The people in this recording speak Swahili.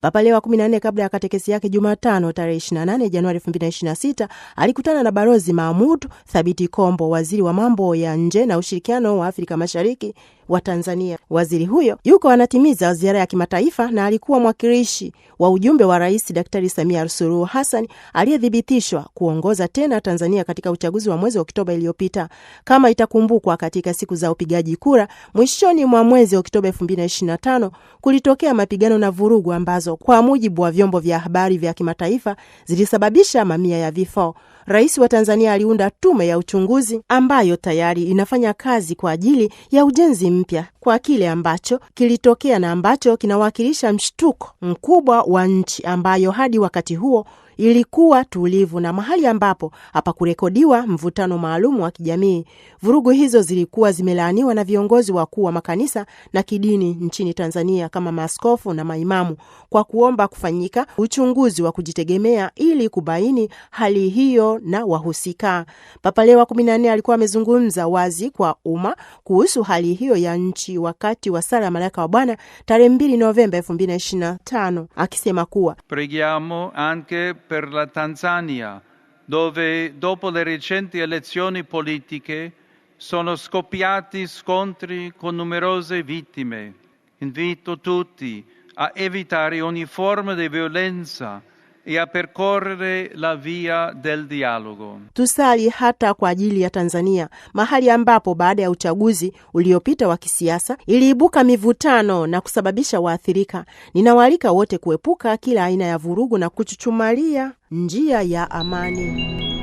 Papa Leo wa 14 kabla ya katekesi yake Jumatano tarehe 28 Januari 2026 alikutana na Balozi Mahmud Thabiti Kombo, waziri wa mambo ya nje na ushirikiano wa Afrika Mashariki wa Tanzania. Waziri huyo yuko anatimiza ziara ya kimataifa na alikuwa mwakilishi wa ujumbe wa Rais Daktari Samia Suluhu Hassan aliyethibitishwa kuongoza tena Tanzania katika uchaguzi wa mwezi Oktoba iliyopita. Kama itakumbukwa, katika siku za upigaji kura mwishoni mwa mwezi Oktoba 2025 kulitokea mapigano na vurugu ambazo hizo, kwa mujibu wa vyombo vya habari vya kimataifa, zilisababisha mamia ya vifo. Rais wa Tanzania aliunda tume ya uchunguzi ambayo tayari inafanya kazi kwa ajili ya ujenzi mpya kwa kile ambacho kilitokea na ambacho kinawakilisha mshtuko mkubwa wa nchi ambayo hadi wakati huo ilikuwa tulivu na mahali ambapo hapakurekodiwa mvutano maalum wa kijamii. Vurugu hizo zilikuwa zimelaaniwa na viongozi wakuu wa makanisa na kidini nchini Tanzania kama maaskofu na maimamu kwa kuomba kufanyika uchunguzi wa kujitegemea ili kubaini hali hiyo na wahusika. Papa Leo wa kumi na nne alikuwa amezungumza wazi kwa umma kuhusu hali hiyo ya nchi wakati wa sala ya malaika wa Bwana tarehe 2 Novemba 2025 akisema kuwa preghiamo anche per la Tanzania, dove dopo le recenti elezioni politiche sono scoppiati scontri con numerose vittime. Invito tutti a evitare ogni forma di violenza e a percorrere la via del dialogo. Tusali hata kwa ajili ya Tanzania, mahali ambapo baada ya uchaguzi uliopita wa kisiasa iliibuka mivutano na kusababisha waathirika. Ninawaalika wote kuepuka kila aina ya vurugu na kuchuchumalia njia ya amani.